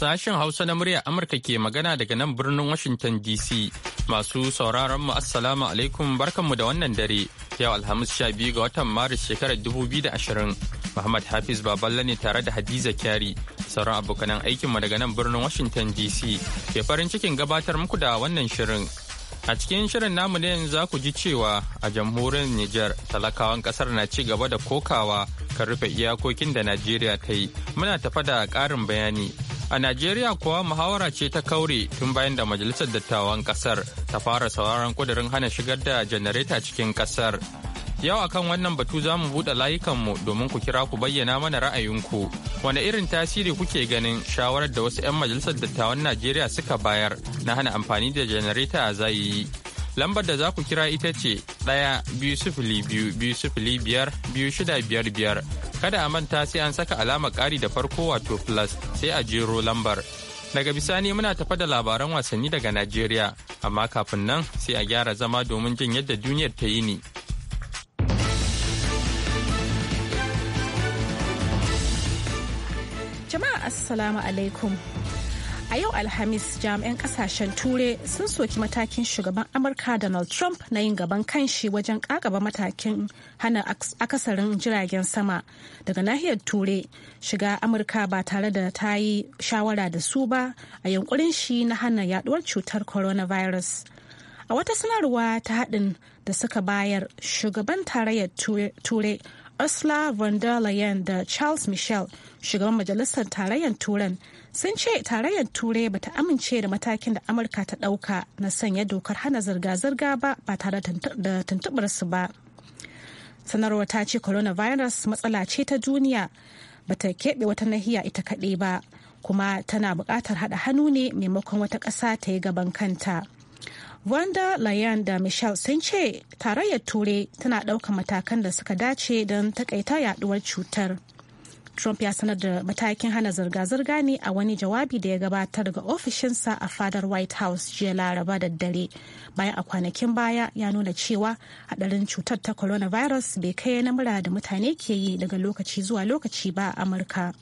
Sashen Hausa na murya Amurka ke magana daga nan birnin Washington DC. Masu sauraron mu Assalamu alaikum barkanmu da wannan dare. Yau Alhamis 12 ga watan Maris shekarar 2020. Muhammad Hafiz Baballe ne tare da Hadiza Kyari. Sauran abokanan aikinmu daga nan birnin Washington DC. Ke farin cikin gabatar muku da wannan shirin. A cikin shirin namu ne za ku ji cewa a jamhuriyar Nijar talakawan kasar na ci gaba da kokawa kan rufe iyakokin da Najeriya ta yi. Muna tafa da ƙarin bayani A Najeriya kuwa muhawara ce ta kauri tun bayan da Majalisar Dattawan Kasar ta fara sauraron kudirin hana shigar da janareta cikin kasar. Yau a kan wannan batu za mu buɗe layukanmu domin ku kira ku bayyana mana ra'ayinku. Wane irin tasiri kuke ganin shawarar da wasu 'yan majalisar dattawan Najeriya suka bayar na hana amfani da janareta a zayi? Lambar da za ku kira ita ce ɗaya biyu sifili biyu biyu sifili biyar biyu shida biyar biyar Kada a manta sai an saka alama ƙari da farko wato plus sai a jero lambar. Daga bisani muna tafa da labaran wasanni daga Najeriya, amma kafin nan sai a gyara zama domin jin yadda duniyar ta yi ni. Jama'a Assalamu alaikum. A yau Alhamis jami'an kasashen Ture sun soki matakin shugaban Amurka Donald Trump na yin gaban kanshi wajen kakaba matakin hana akasarin jiragen sama daga nahiyar Ture shiga Amurka ba tare da ta yi shawara da su ba a yankurin shi na hana yaduwar cutar coronavirus. A wata sanarwa ta haɗin da suka bayar shugaban tarayyar Ture Ursula von der Leyen da Charles Michel, shugaban majalisar tarayyar Turan, sun ce tarayyar Turai ba ta amince da matakin da Amurka ta ɗauka na sanya dokar hana zirga-zirga ba ba tare da su ba. Sanarwar ta ce coronavirus matsala ce ta duniya ba ta keɓe wata nahiya ita kaɗai ba, kuma tana buƙatar haɗa hannu ne maimakon wata ƙasa ta yi gaban kanta. Wanda Layan da Michelle sun ce tarayyar Ture tana ɗaukar matakan da suka dace don takaita yaduwar cutar. Trump ya sanar da matakin hana zirga-zirga ne a wani jawabi da ya gabatar ga ofishinsa a fadar White House jiya Laraba da dare. Bayan a kwanakin baya ya nuna cewa hadarin cutar ta coronavirus bai kai na mura da mutane ke yi daga lokaci zuwa lokaci ba a Amurka.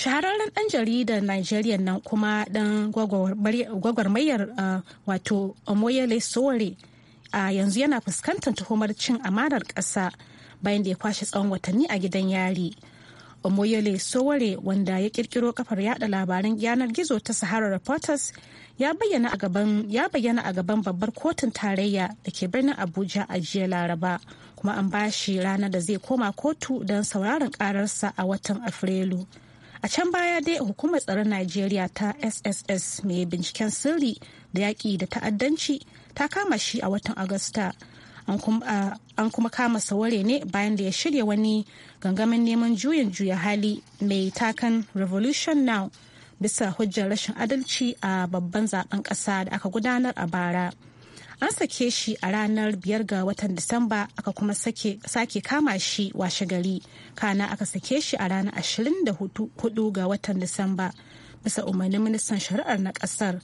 shahararren dan jaridar nigeria nan kuma ɗan gwagwarmayar uh, wato omoyele sowore a yanzu yana fuskantar tuhumar cin amanar ƙasa bayan da ya kwashe tsawon watanni a gidan yari omoyele sowore wanda ya kirkiro kafar yada labaran yanar gizo ta sahara reporters ya bayyana a gaban babbar kotun tarayya da ke birnin abuja a jiya laraba kuma an bashi ranar da zai koma kotu don sauraron kararsa a watan afrilu a can baya dai hukumar tsaron najeriya ta sss mai binciken sirri da yaƙi da ta'addanci ta kama shi a watan agusta an kuma kama saware ne bayan da ya shirya wani gangamin neman juyin juya hali mai takan revolution now bisa hujjar rashin adalci a babban zaben ƙasa da aka gudanar a bara. an sake shi a ranar biyar ga watan disamba aka kuma sake kama shi washe gari kana aka sake shi a ranar ashirin da hudu ga watan disamba bisa umarnin ministan shari'ar na kasar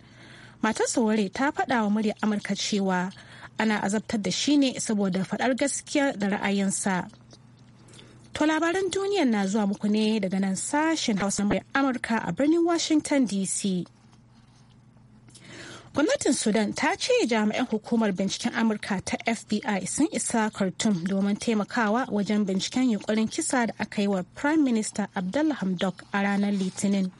matar saware ta faɗa wa murya amurka cewa ana azabtar da shi ne saboda faɗar gaskiya da ra'ayinsa to labaran duniya na zuwa muku ne daga nan sashen hausa amurka a birnin washington dc gwamnatin sudan ta ce jami'an hukumar binciken amurka ta fbi sun isa khartoum domin taimakawa wajen binciken yunkurin kisa da aka yi wa prime minister abdullah hamdok a ranar litinin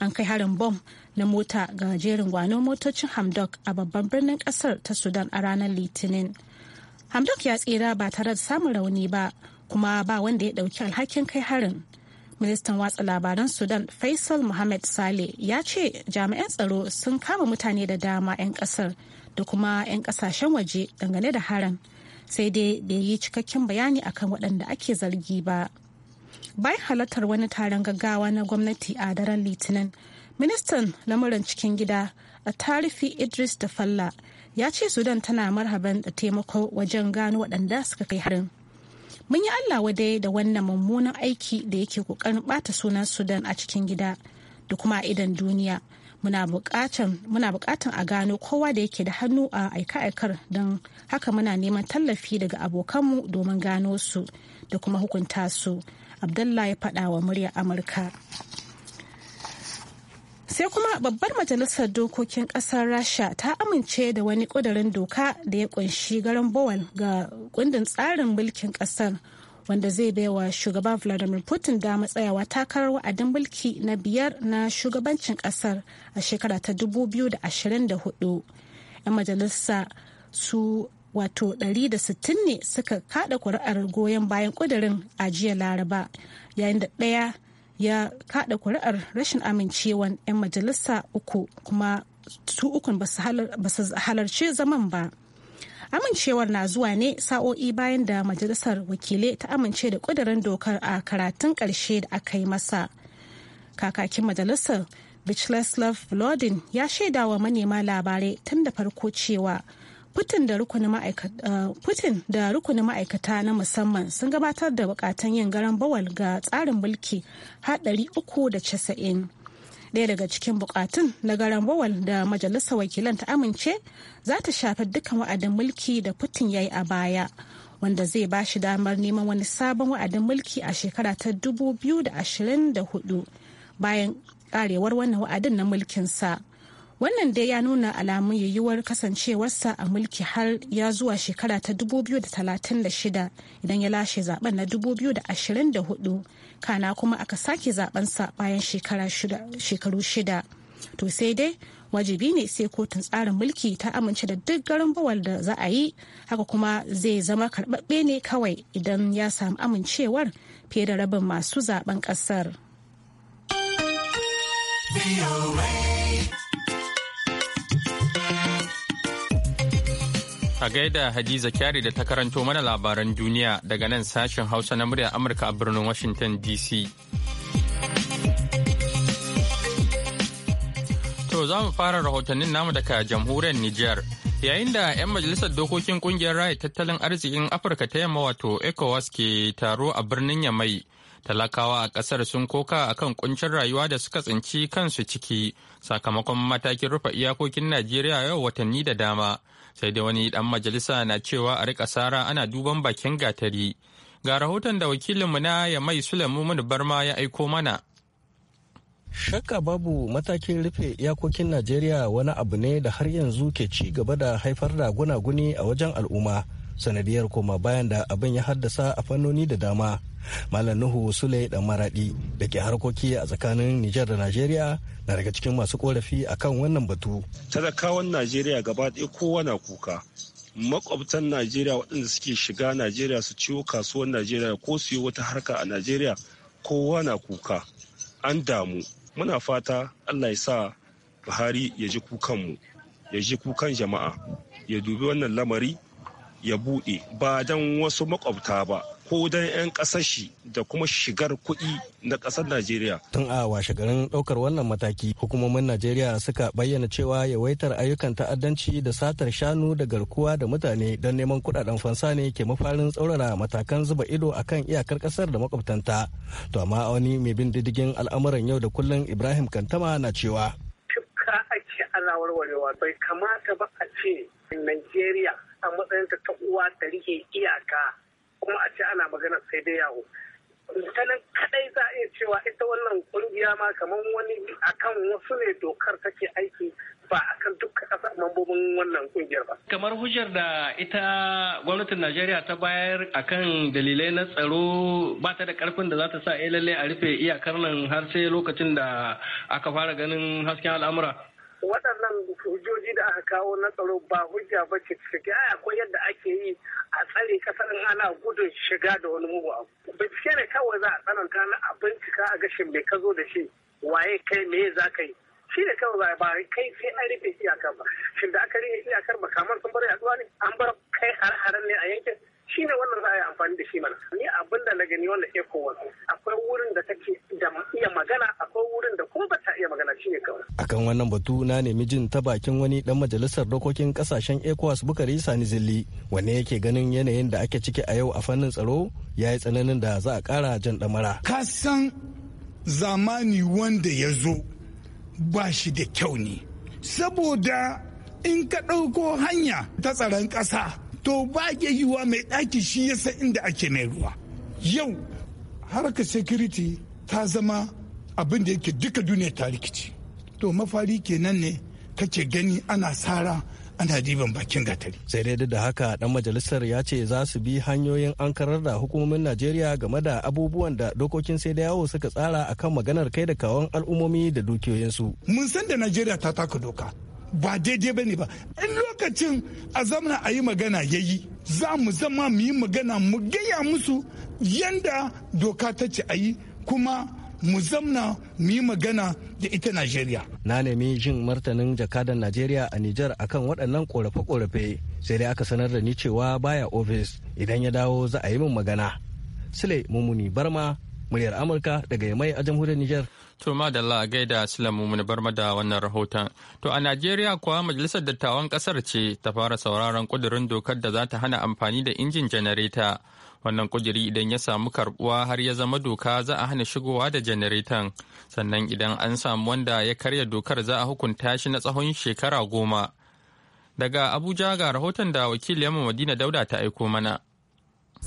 an kai harin bom na mota ga jerin gwanon motocin hamdok a babban birnin kasar ta sudan a ranar litinin hamdok ya tsira ba tare da samun rauni ba kuma ba wanda ya ɗauki alhakin kai harin ministan watsa labaran sudan faisal mohammed saleh ya ce jami'an tsaro sun kama mutane da dama 'yan kasar da kuma 'yan kasashen waje dangane da haram sai dai bai yi cikakken bayani akan waɗanda ake zargi ba bayan halartar wani taron gaggawa na gwamnati a daren litinin ministan lamuran cikin gida a tarifi idris da falla ya ce sudan tana marhaban da taimako wajen gano waɗanda suka kai harin mun yi allah wadai da wannan mummunan aiki da yake kokarin bata sunan sudan a cikin gida da kuma a idan duniya muna bukatan a gano kowa da yake da hannu a aika-aikar don haka muna neman tallafi daga abokanmu domin gano su da kuma hukunta su abdullah ya faɗa wa muryar amurka sai kuma babbar majalisar dokokin kasar rasha ta amince da wani kudirin doka da ya kunshi garan bowen ga kundin tsarin mulkin kasar wanda zai baiwa shugaban vladimir putin dama matsayawa takarar wa'adin mulki na biyar na shugabancin kasar a shekara ta 2024 'yan majalisa su wato 160 ne suka kada kuri'ar goyon bayan kudirin a jiya laraba yayin da ɗaya ya kada kuri'ar rashin amincewan 'yan majalisa uku kuma su ukun ba su halarci zaman ba amincewar na zuwa ne sa'o'i bayan da majalisar wakilai ta amince da kudirin dokar a karatun karshe da aka yi masa kakakin majalisar bichleslav Volodin ya shaidawa manema labarai tun da farko cewa Uh, Putin da rukunin ma'aikata na musamman sun gabatar da bukatan yin garan bawal ga tsarin mulki har 390. Daya daga cikin bukatun na garan bawal da majalisar wakilan ta amince za ta shafi dukkan wa'adin mulki da Putin ya yi a baya. wanda zai ba shi damar neman wani sabon wa'adin mulki a shekara ta 2024 bayan karewar wannan wa'adin na mulkinsa. wannan dai ya nuna alamun yiwuwar kasancewarsa a mulki har ya zuwa shekara ta 2036 idan ya lashe zaben na 2024 kana kuma aka sake zabensa bayan shekaru shida to sai dai wajibi ne sai kotun tsarin mulki ta amince da duk garin bawal da za a yi haka kuma zai zama karbabbe ne kawai idan ya samu amincewar fiye da rabin masu zaben kasar. A gaida Hadiza Kyari da ta karanto mana labaran duniya daga nan sashen Hausa na muryar Amurka a birnin Washington DC. To za mu fara rahotannin namu daga jamhuriyar Nijar. Yayin da 'yan majalisar dokokin kungiyar raya tattalin arzikin Afirka ta yamma wato ECOWAS ke taro a birnin Yamai. Talakawa a ƙasar sun koka akan kuncin rayuwa da suka tsinci kansu ciki sakamakon matakin rufe iyakokin Najeriya yau watanni da dama. sai dai wani dan majalisa na cewa a rika sara ana duban bakin gatari ga rahoton da wakilinmu na ya mai sulaimu barma ya aiko mana Shakka babu matakin rufe iyakokin Najeriya wani abu ne da har yanzu ke ci gaba da haifar da gunaguni a wajen al'umma sanadiyar koma bayan da abin ya haddasa a fannoni da dama. Malam Nuhu Sule da Maradi da ke harkoki a tsakanin Nijar da Najeriya na daga cikin masu korafi a kan wannan batu. Talakawan Najeriya gaba ɗaya kowa na kuka. Makwabtan Najeriya waɗanda suke shiga Najeriya su ciwo kasuwar Najeriya ko su yi wata harka a Najeriya kowa na kuka. An damu. Muna fata Allah ya sa Buhari ya ji kukanmu, ya ji kukan jama'a, ya dubi wannan lamari ya buɗe ba don wasu makwabta ba ko dan 'yan ƙasar shi da kuma shigar kuɗi na ƙasar Najeriya. Tun a washe garin ɗaukar wannan mataki, hukumomin Najeriya suka bayyana cewa yawaitar ayyukan ta'addanci da satar shanu da garkuwa da mutane don neman kuɗaɗen fansa ne ke mafarin tsaurara matakan zuba ido a kan iyakar ƙasar da makwabtanta. To amma wani mai bin diddigin al'amuran yau da kullum Ibrahim Kantama na cewa. ake bai kamata ba a ce Najeriya a matsayinta ta uwa ta rike iyaka kuma a ce ana magana sai dai yawo ta nan kadai za a iya cewa ita wannan kungiya ma kamar wani akan wasu ne dokar take aiki ba akan dukkan kasa mambobin wannan kungiyar ba. Kamar hujjar da ita gwamnatin Najeriya ta bayar akan dalilai na tsaro ba ta da karfin da za ta sa eh, lalle a rufe iyakar nan har sai lokacin da aka fara ganin hasken al'amura. waɗannan hujjoji da aka kawo na tsaro ba hujja ba ce ai akwai yadda ake yi a tsare kasar in ana gudun shiga da wani mugu abu bincike ne kawai za a tsananta na a bincika a gashin mai ka zo da shi waye kai me za ka yi shi ne kawai ba ba kai sai an rufe iyakar ba shin da aka rufe iyakar ba kamar sun bar yaduwa ne an bar kai har-haren ne a yankin shi ne wannan za a yi amfani da shi mana ni abin da na gani wanda ecowas akwai wurin da take da iya magana akwai wurin da kuma ba ta iya magana shi ne kawai akan wannan batu na nemi jin ta bakin wani dan majalisar dokokin kasashen ecowas bukari sani zilli wanne yake ganin yanayin da ake ciki a yau a fannin tsaro ya yi tsananin da za a kara jan damara ka san zamani wanda ya zo ba shi da kyau ne saboda in ka ɗauko hanya ta tsaron ƙasa to ba ya wa mai ɗaki shi ya san inda ake mai ruwa yau harkar security ta zama abin da yake duka duniya ta rikici to mafari kenan ne kake gani ana sara ana diban bakin gatari. sai dai duk da haka dan majalisar ya ce za su bi hanyoyin an karar da hukumomin najeriya game da abubuwan da dokokin sai da yawo suka tsara akan maganar kai da kawon al'ummomi da dukiyoyinsu mun san da najeriya ta taka doka ba daidai ba ne ba in lokacin a zamana a yi magana ya yi za mu zama mu yi magana mu gaya musu yanda doka ta ce a yi kuma mu zamna mu yi magana da ita Najeriya. Na nemi jin martanin jakadan Najeriya a Nijar akan waɗannan ƙorafe-ƙorafe sai dai aka sanar da ni cewa baya ofis idan ya dawo za a yi min magana. Sule Mumuni Barma, muryar Amurka daga Yamai a jamhuriyar Nijar. To madalla gaida Silamu mun bar da wannan rahoton. To a Najeriya kuwa majalisar dattawan kasar ce ta fara sauraron kudirin dokar da za ta hana amfani da injin janareta. Wannan ƙudiri idan ya samu karbuwa har ya zama doka za a hana shigowa da janaretan. Sannan idan an samu wanda ya karya dokar za a hukunta shi na tsawon shekara goma. Daga Abuja ga rahoton da wakiliyarmu Madina Dauda ta aiko mana.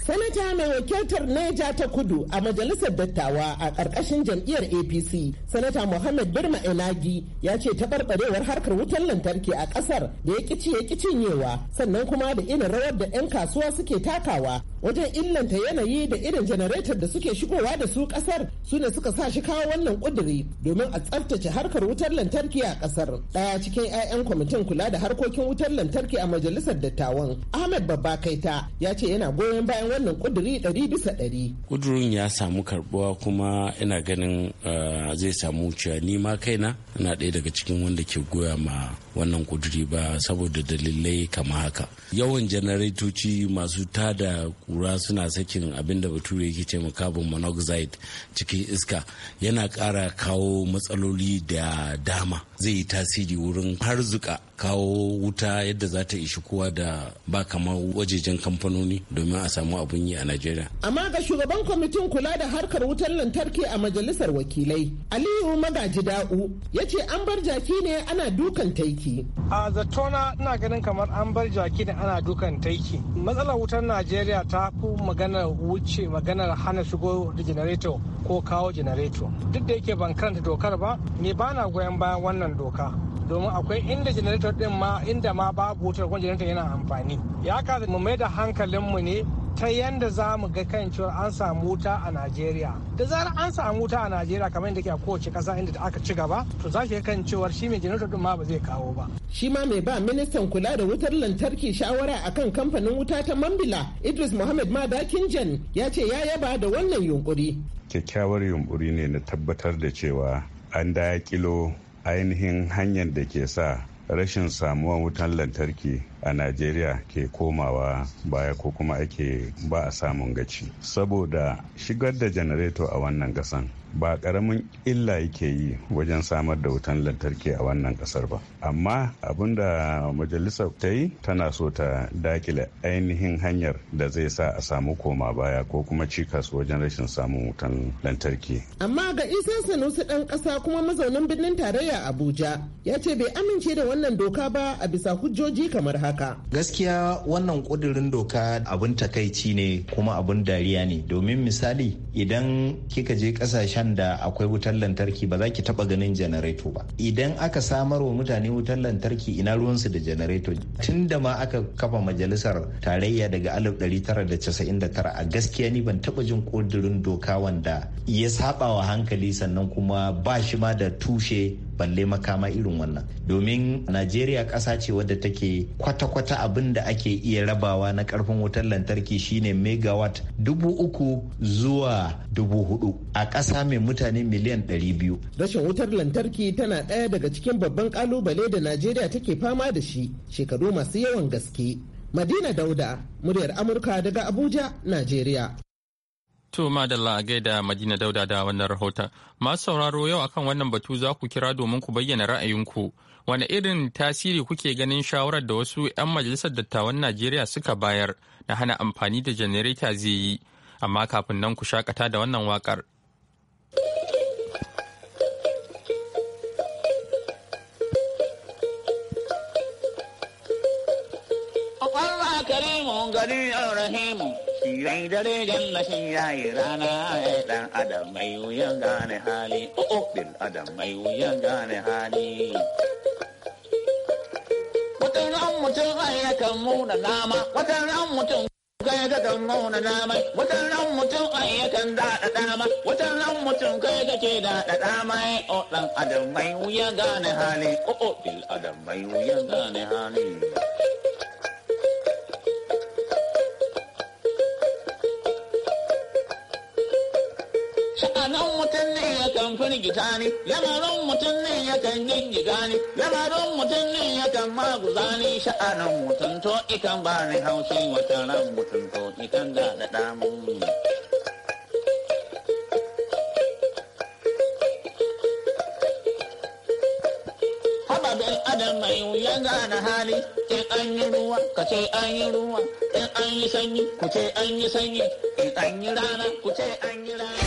Sanata mai wakiltar Neja ta kudu a majalisar dattawa a ƙarƙashin jam'iyyar APC, Sanata Muhammad Birma Enagi ya ce taɓarɓarewar harkar wutar lantarki a ƙasar da ya ƙici ya ƙicinyewa sannan kuma da irin rawar da 'yan kasuwa suke takawa wajen illanta yanayi da irin janaretar da suke shigowa da su kasar su ne suka sa shi kawo wannan kuduri domin a tsaftace harkar wutar lantarki a kasar daya cikin 'ya'yan kwamitin kula da harkokin wutar lantarki a majalisar dattawan ahmed babba kaita ya ce yana goyon bayan wannan kuduri ɗari bisa ɗari. kudurin ya samu karbuwa kuma ina ganin eh, zai samu wuciya ni ma kaina ina ɗaya daga cikin wanda ke goya ma wannan kuduri ba saboda dalilai kama haka yawan janaretoci masu tada kura suna sakin abin da bature yake ce ma carbon monoxide cikin iska yana ƙara kawo matsaloli da dama zai yi tasiri wurin har zuka kawo wuta yadda za ta ishi kowa da ba kamar wajejen kamfanoni domin a samu abun yi a najeriya amma ga shugaban kwamitin kula da harkar wutar lantarki a majalisar wakilai aliyu magaji da'u ya ce an bar jaki ne ana dukan taiki a A zatona ina ganin kamar an bar jaki da ana dukan taiki. Matsalar wutar Najeriya ta fi maganar wuce maganar hana shigo da janareto ko kawo janareto. Duk da yake ban karanta dokar ba, ne bana goyon bayan wannan doka. domin akwai inda janareto din ma inda ma babu wutar kuma janareto yana amfani ya kaza mu mai da hankalinmu ne ta yadda za mu ga kan cewa an samu wuta a Najeriya. Da zarar an samu wuta a Najeriya kamar yadda ke a kowace ƙasa inda aka ci gaba, to za ki ga kan cewa shi mai janato din ma ba zai kawo ba. Shi ma mai ba ministan kula da wutar lantarki shawara akan kamfanin wuta ta Mambila, Idris Muhammad Madakin Jan ya ce ya yaba da wannan yunkuri. Kyakkyawar yunkuri ne na tabbatar da cewa an dakilo ainihin hanyar da ke sa rashin samuwan wutan lantarki a najeriya ke komawa baya ko kuma ake ba a samun gaci saboda shigar da janareto a wannan gasan. ba karamin illa yake yi wajen samar da wutan lantarki a wannan kasar ba amma abin da majalisar ta yi tana so ta dakile ainihin hanyar da zai sa a samu koma baya ko kuma cikas wajen rashin samun wutan lantarki amma ga isa sanusi dan kasa kuma mazaunin birnin tarayya abuja ya ce bai amince da wannan doka ba a bisa hujjoji kamar haka gaskiya wannan kudirin doka abin takaici ne kuma abin dariya ne domin misali idan kika je kasashe can da akwai wutar lantarki ba za ki taɓa ganin janareto ba idan aka samar wa mutane wutar lantarki ina ruwansu da janareto tun da ma aka kafa majalisar tarayya daga 1999 a gaskiya ni ban taɓa jin ƙudurin doka wanda ya saba wa hankali sannan kuma ba shi ma da tushe balle makama irin wannan domin najeriya ƙasa ce wadda take kwata-kwata abin da ake iya rabawa na karfin wutar lantarki shine megawatt dubu uku zuwa dubu hudu a ƙasa mai mutane miliyan ɗari biyu rashin wutar lantarki tana ɗaya daga cikin babban kalubale da najeriya take fama da shi shekaru masu yawan gaske madina dauda muryar amurka daga abuja najeriya To madalla a gaida Madina Dauda da wannan rahoton. Masu sauraro yau akan wannan batu za ku kira domin ku bayyana ra'ayinku. Wane irin tasiri kuke ganin shawarar da wasu 'yan majalisar dattawan Najeriya suka bayar na hana amfani da janareta zai yi. Amma kafin nan ku shakata da wannan waƙar. karimu gari rahimu shirai dare janna shi yi rana ya dan adam mai wuyan gane hali oh, oh bin adam mai wuyan gane hali watan ran mutum ai kan muna nama watan ran mutum kai kan muna nama watan ran mutum ai kan daɗa dama watan ran mutum kai ke daɗa dama oh dan adam mai wuyan gane hali oh, oh bil adam mai wuyan gane hali firgita ni lamarin mutum ne yakan gingiga ne lamarin mutum ne yakan maguza ni sha'anin mutum to ikan ba ni haushi wata ran mutum to ikan da da damun abin adam mai wuya gane hali in an yi ruwa ka ce an yi ruwa in an yi sanyi ku ce an yi sanyi in an yi rana ku ce an yi rana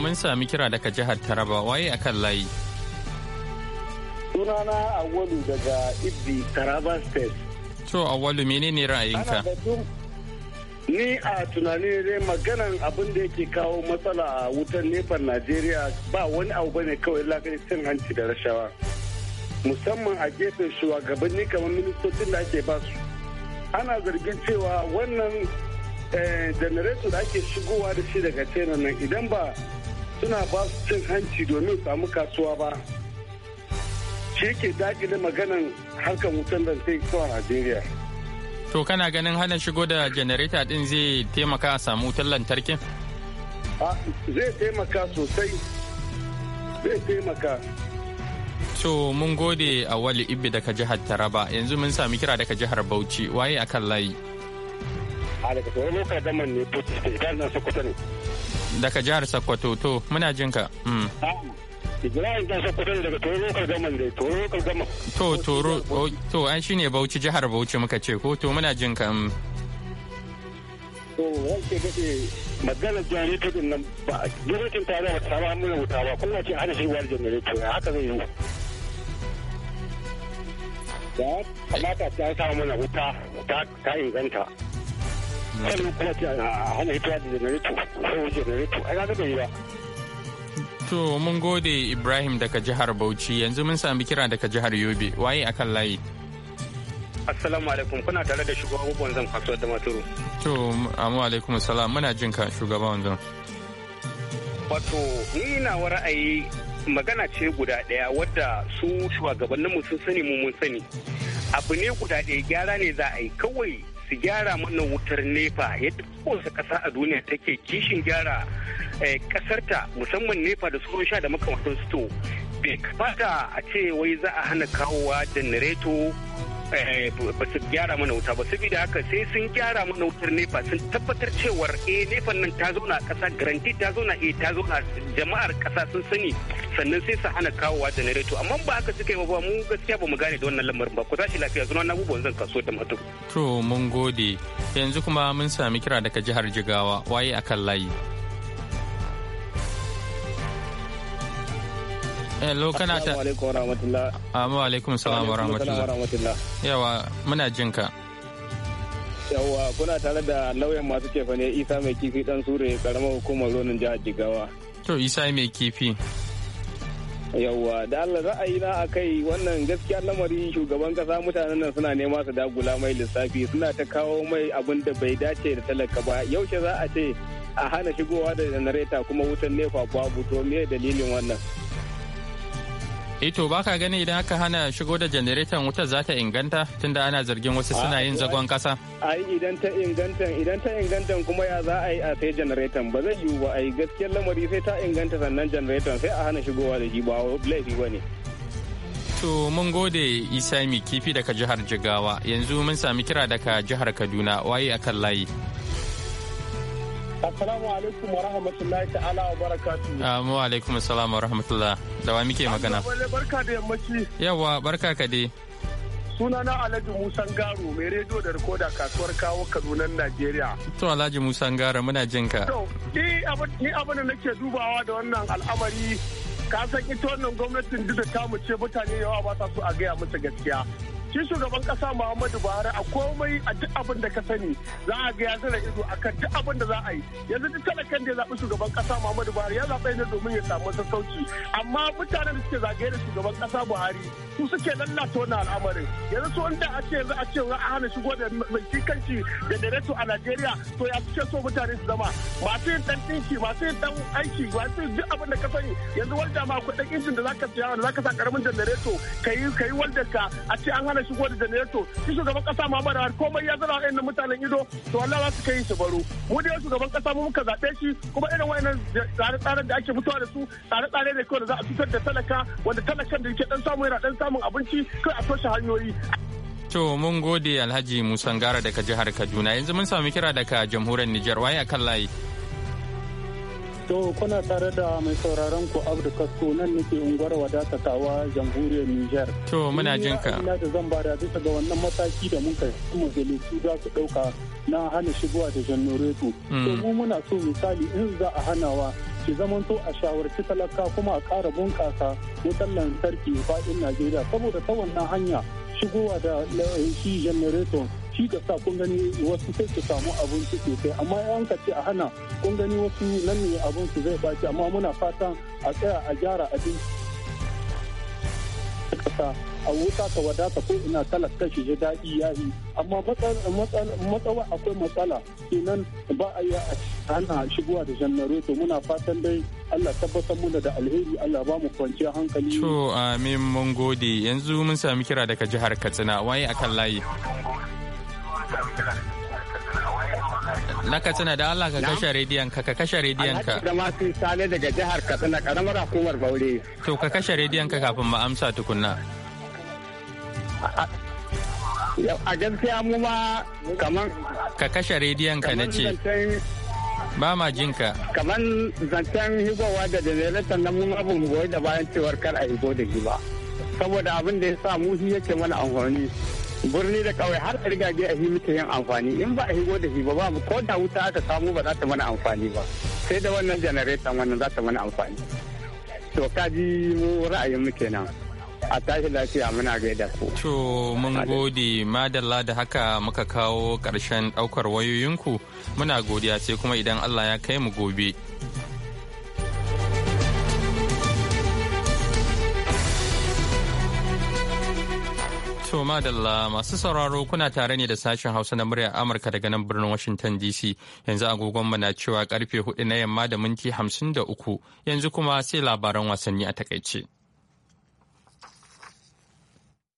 mun sami kira daga jihar Taraba waye kan layi. Sunana Awalu daga Ibbi Taraba State. To Awalu menene ra'ayinka? Ni a tunanin dai maganan abin da yake kawo matsala a wutan nefan Najeriya ba wani abu bane kawai lagari cin hanci da rashawa. Musamman a gefen shugabanni kamar ministocin da ake ba su. Ana zargin cewa wannan janareto eh, da ake shigowa da shi daga china nan idan ba suna ba su cin hanci domin samu kasuwa ba shi yake dakile maganan harkar wutan lantarki a Najeriya. To kana ganin hana shigo da janareta din zai taimaka a samu wutar lantarkin? Zai taimaka sosai. Zai taimaka. To mun gode a wali ibi daga jihar Taraba yanzu mun sami kira daga jihar Bauchi waye akan layi. A daga tsoron lokacin zaman ne, idan kusa ne. Daga jihar Sokoto to muna jinka. Mm. To Toro to an shine Bauchi jihar Bauchi muka ce ko to muna jin hmm. ka. maganar janareto nan ba gwamnatin ta ba ta ba wuta ba kuma ce ya haka zai yi. Da kamata ta mana wuta ta inganta. mun To mun gode Ibrahim daga jihar Bauchi yanzu mun sami kira daga jihar Yobe waye akan layi. Assalamu alaikum kuna tare da shugaban zan kasuwar da maturu. To amu alaikum salam muna jin ka shugaban wanzan. Wato ni na wa ra'ayi magana ce guda ɗaya wadda su shugabanninmu sun sani mu mun sani. abu ne guda ɗaya gyara ne za a yi kawai su gyara mana wutar nefa yadda kowace ƙasa a duniya take kishin gyara eh, ƙasarta musamman nefa da sauran sha da makamantan su to bai kafata a ce wai za a hana kawowa janareto Eh, ba su gyara mana wuta ba saboda haka sai sun gyara mana wutar nefa sun tabbatar cewar eh nefa nan ta zauna a ƙasa garanti ta zauna a eh, ta zauna jama'ar ƙasa sun sani sannan sai su hana kawowa janareto amma ba haka suka yi ba mu gaskiya ba mu gane da wannan lamarin ba ku tashi lafiya zuwa na abubuwan zan kaso da matu. to mun gode yanzu kuma mun sami kira daga jihar jigawa waye akan layi. hello eh, kana ta assalamu alaikum salam yawa muna jin yawa kuna tare da lauyan masu kefa ne isa mai kifi dan sure karamar hukumar ronin jihar jigawa to isa mai kifi yawa da Allah za a kai wannan gaskiya lamari shugaban kasa mutanen nan suna nema su dagula mai lissafi suna ta kawo mai abin da bai dace da talaka ba yaushe za a ce a hana shigowa da janareta kuma wutan nefa babu to me dalilin wannan Ito eh ba ka gani idan aka hana shigo da janareton wutar za ta inganta tunda ana zargin wasu suna yin zagon kasa. Ai idan ta inganta idan ta inganta kuma ya za a yi a sai janareton ba zai yiwu ba yi gaskiyar lamari sai ta inganta sannan janareton sai a hana shigowa da shi ba laifi ba ne. To mun gode Isa kifi daga jihar Jigawa yanzu mun sami kira daga jihar Kaduna waye akan layi. Assalamu alaikum wa rahmatullahi ta'ala wa barakatu. Amu ah, alaikum assalamu wa rahmatullah. Da wa muke magana? Barka da yammaci. Yawa barka ka dai. Sunana Alhaji Musa Ngaro mai rediyo da rikoda kasuwar kawo Kadunan Najeriya. To Alhaji Musa Ngaro muna jin ka. To ni abin da nake dubawa da wannan al'amari ka san ita wannan gwamnatin duk da tamu ce mutane yawa ba sa so a gaya musu gaskiya. shi shugaban kasa muhammadu buhari a komai a duk abin da ka sani za a ga ya zira ido a kan duk abin da za a yi yanzu duk talakan da ya zaɓi shugaban kasa muhammadu buhari ya zaɓe ne domin ya samu sassauci amma mutanen da suke zagaye da shugaban kasa buhari su suke lallata wannan al'amarin yanzu su wanda a ce yanzu a ce za a hana shigo da mai kanci da direto a najeriya to ya suke so mutane su zama masu yin dan ɗinki masu yin dan aiki masu duk abin da ka sani yanzu wanda ma akwai dan injin da zaka siya wanda zaka sa karamin janareto kayi kayi wanda ka a ce an hana da shigo da janeto shi shugaban kasa ma Buhari komai ya zara wa'annan mutanen ido to wallahi za su kai shi baro mu da shugaban kasa mu muka zabe shi kuma irin wa'annan tsare tsare da ake fitowa da su tsare-tsare da kawai da za a cutar da talaka wanda talakan da yake dan samu yana dan samun abinci kai a toshe hanyoyi To mun gode Alhaji Musan Gara daga jihar Kaduna yanzu mun sami kira daga jamhuriyar Nijar waye akan layi. To kuna tare da mai sauraron ku Abdu Kasko nan nake unguwar wadata tawa jamhuriyar Nijar. To muna jin ka. Ina da zan bada bisa ga wannan mataki da mun kai mu za su dauka na hana shigowa da janoreto. Hmm. To mu muna so misali in za a hanawa ki zamanto a shawarci talaka kuma a ƙara bunƙasa wutar lantarki faɗin Najeriya saboda ta wannan hanya shigowa da eh, shi janareton shi da sa kun gani wasu sai su samu abinci sosai amma an ka ce a hana kun gani wasu nan ne abin su zai baci amma muna fatan a tsaya a gyara abinci kasa a wuta ka wadata ko ina talaka kashi ya daɗi yi amma matsawa akwai matsala kenan ba a yi hana shigowa da to muna fatan dai Allah tabbatar muna da alheri Allah ba mu kwanciyar hankali. To amin mun gode yanzu mun sami kira daga jihar Katsina waye akan layi. Naka tuna da Allah ka kashe rediyon ka ka kashe rediyon ka. da masu sale daga jihar Katsina karamar hukumar Baure. To ka kashe rediyon ka kafin mu amsa tukunna. A gaskiya mu ma kaman. Ka kashe rediyon ka na ce. Ba ma jin ka. Kaman zancen higowa da janaratan na mu ma mu goyi da bayan cewar kar a higo da ba. Saboda abin da ya sa mu yake mana amfani. birni da kawai har rigage a yi yin amfani in ba a higo da shi ba babu ko da wuta aka samu ba za ta mana amfani ba sai da wannan janareta wannan za ta mana amfani to kaji mu ra'ayin mu kenan a tashi lafiya muna gaida ku to mun gode madalla da haka muka kawo karshen ɗaukar wayoyinku muna godiya sai kuma idan Allah ya kai mu gobe To madalla masu sauraro kuna tare ne da sashen Hausa na murya Amurka daga nan birnin Washington DC yanzu agogonmu na cewa karfe hudu na yamma da minti hamsin da uku yanzu kuma sai labaran wasanni a takaice.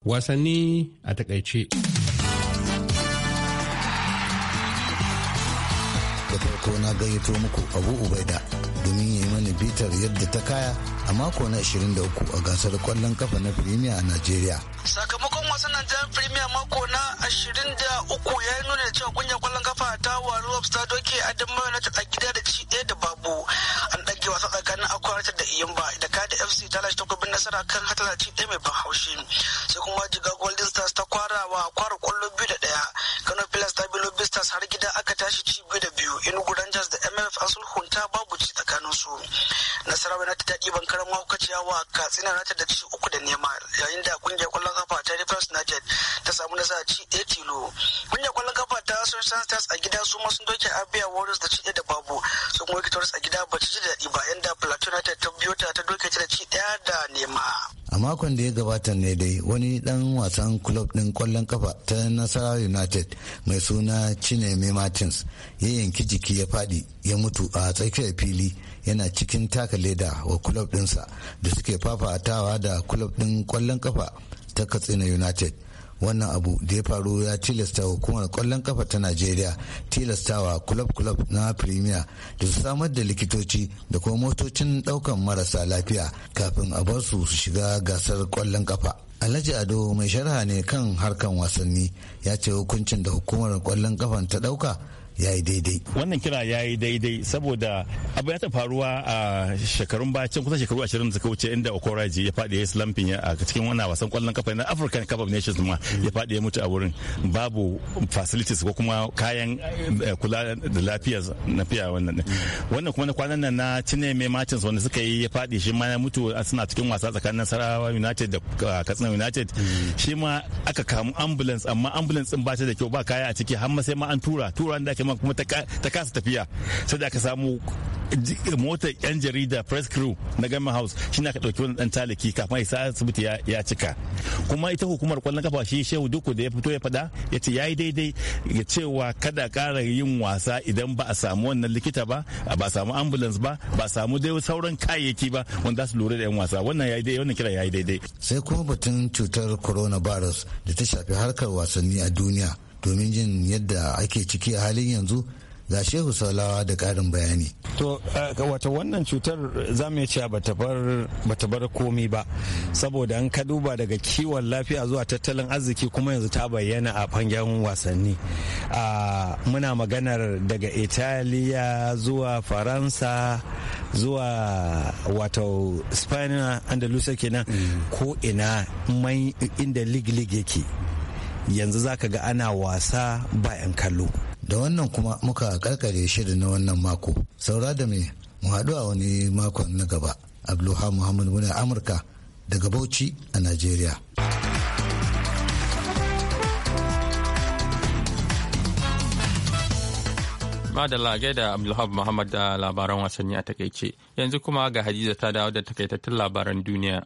Wasanni a takaice. Da farko na gayyato muku Abu Ubaida domin yi bitar yadda ta kaya a mako na 23 a gasar kwallon kafa na Premier a Najeriya. Sakamakon wasan Najeriya Premier mako na 23 ya nuna cewa kungiyar kwallon kafa ta Warriors ta doke Adamu na ta gida da ci ɗaya da babu. ke wasa tsakanin akwaratar da iyamba da kada fc ta lashe takobin nasara kan hatala ci ɗaya mai ban haushi sai kuma jiga golden stars ta kwara wa kwara kwallo biyu da ɗaya kano pilas ta bi lobby stars har gida aka tashi ci biyu da biyu inugu rangers da mf an ta babu ci tsakanin su nasara na ta ban karan mahaukaciya wa katsina nata da ci uku da nema yayin da kungiyar kwallon kafa ta rifers united ta samu nasara ci ɗaya tilo kungiyar kwallon kafa ta sun stars a gida su ma sun doke abia warriors da ci ɗaya da babu sun kuma a gida ba ci da daɗi ba yadda Plateau United ta biyo ta ta doke cire ci daya da nema. a makon da ya gabata ne dai wani dan wasan club din kwallon kafa ta nasara united mai suna chineme martins ya yanki jiki ya fadi ya mutu a tsakiyar fili yana cikin taka leda wa club dinsa da suke fafatawa da club din kwallon kafa ta katsina united wannan abu da ya faru ya tilasta hukumar kwallon kafa ta najeriya tilastawa club club na premier da su samar da likitoci da kuma motocin daukan marasa lafiya kafin a bar su su shiga gasar kwallon kafa Alhaji Ado mai sharha ne kan harkan wasanni ya ce hukuncin da hukumar kwallon kafa ta dauka ya yi daidai wannan kira ya yi daidai saboda abu ya ta faruwa a shekarun bacin kusa kusan shekaru ashirin da suka wuce inda okoraji ya faɗi ya slamping a cikin wannan wasan kwallon kafa na african cup of nations ma ya faɗi ya mutu a wurin babu facilities ko kuma kayan eh, kula da lafiya na fiya wannan wannan kuma na kwanan nan na cine mai martins wanda suka yi ya faɗi shi ma ya mutu suna cikin wasa tsakanin Sarawa united da eh, katsina united shi ma aka kamu ambulance amma ambulance ɗin ba ta da kyau ba kaya a ciki har ma sai ma an tura tura da ake sama kuma ta kasa tafiya sai da aka samu mota yan jarida press crew na gama house shi na ka ɗauki wani ɗan taliki kafin isa asibiti ya cika kuma ita hukumar kwallon kafa shi shehu duku da ya fito ya faɗa ya ce ya yi daidai ya cewa kada ƙara yin wasa idan ba a samu wannan likita ba ba a samu ambulance ba ba a samu dai sauran kayayyaki ba wanda za su lura da yan wasa wannan ya yi daidai wannan kira ya yi daidai. sai kuma batun cutar coronavirus da ta shafi harkar wasanni a duniya domin jin yadda ake ciki a halin yanzu ga shehu salawa da karin bayani to eh, wata wannan cutar za mu cewa bata bar komi ba saboda an ka duba daga kiwon lafiya zuwa tattalin arziki kuma yanzu ta bayyana a fangen wasanni ah, muna maganar daga italiya zuwa faransa zuwa wato spain andalusa kenan mm. ko ina inda lig-lig yake yanzu za ka ga ana wasa bayan kallo da wannan kuma muka karkare shirin na wannan mako saura da me mu haɗu a wani makon na gaba abdulha muhammad muna amurka daga bauchi a najeriya Madalla da Abdulhab Muhammad da labaran wasanni a takaice. Yanzu kuma ga Hadiza ta dawo da takaitattun labaran duniya.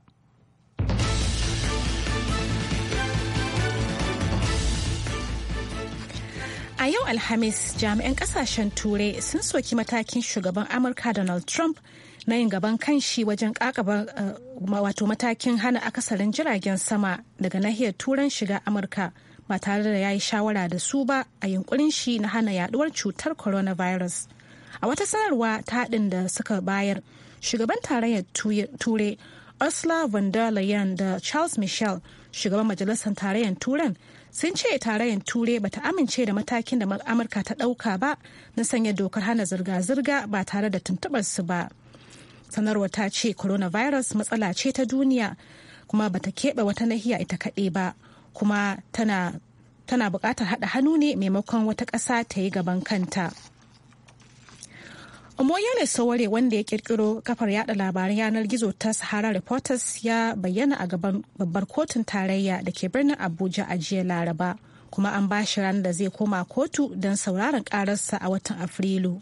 A yau Alhamis jami'an kasashen Turai sun soki matakin shugaban Amurka Donald Trump na yin gaban kanshi wajen kakaba eh, wato matakin hana akasarin jiragen sama daga nahiyar turan shiga Amurka ba tare da ya yi shawara da su ba a yunkurin shi na hana yaduwar cutar coronavirus. A wata sanarwa ta haɗin da suka bayar, shugaban tarayyar Turai Ursula von der Leyen da Charles Michel, shugaban majalisar tarayyar Turan, sun ce tarayyar turai bata amince da matakin da amurka ta ɗauka ba na sanya dokar hana zirga-zirga ba tare da tuntuɓar su ba sanarwa ta ce coronavirus matsala ce ta duniya kuma bata keɓe wata nahiya ita kaɗai ba kuma tana tana buƙatar haɗa hannu ne maimakon wata ƙasa ta yi gaban kanta. Omoyole Sowore wanda ya kirkiro kafar yada labaran yanar gizo ta Sahara Reporters ya bayyana a gaban babbar kotun tarayya da ke birnin Abuja a jiya Laraba kuma an ba shi ranar da zai koma kotu don sauraron kararsa a watan Afrilu.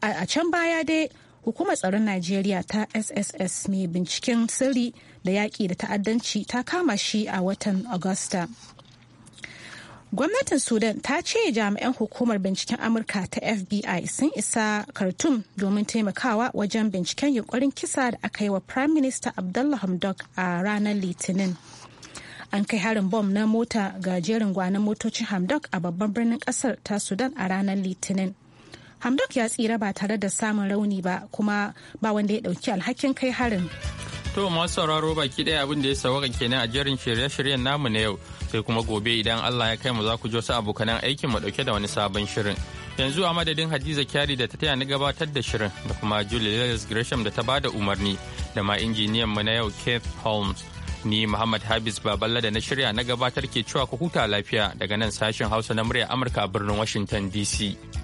A can baya dai hukumar tsaron Najeriya ta SSS mai binciken sirri da yaƙi da ta'addanci ta kama shi a watan Agusta. Gwamnatin Sudan ta ce jami'an hukumar binciken Amurka ta FBI sun isa Khartoum domin taimakawa wajen binciken yunkurin kisa da aka yi wa Prime Minister Abdullah Hamdok a ranar Litinin. An kai harin bom na mota ga jerin gwanon motocin Hamdok a babban birnin kasar ta Sudan a ranar Litinin. Hamdok ya tsira ba tare da samun rauni ba kuma ba wanda ya dauki alhakin kai harin. To masu sauraro baki ɗaya abin da ya sauka kenan a jerin shirye-shiryen namu na yau. sai kuma gobe idan Allah ya kai mu za ku ji wasu abokanan aikin mu dauke da wani sabon shirin. Yanzu a madadin Hadiza Kyari da ta taya ni gabatar da shirin da kuma Julius Gresham da ta bada umarni da ma injiniyan mu na yau Keith Holmes. Ni Muhammad Habis Baballa da na shirya na gabatar ke cewa ku huta lafiya daga nan sashen Hausa na murya Amurka a birnin Washington DC.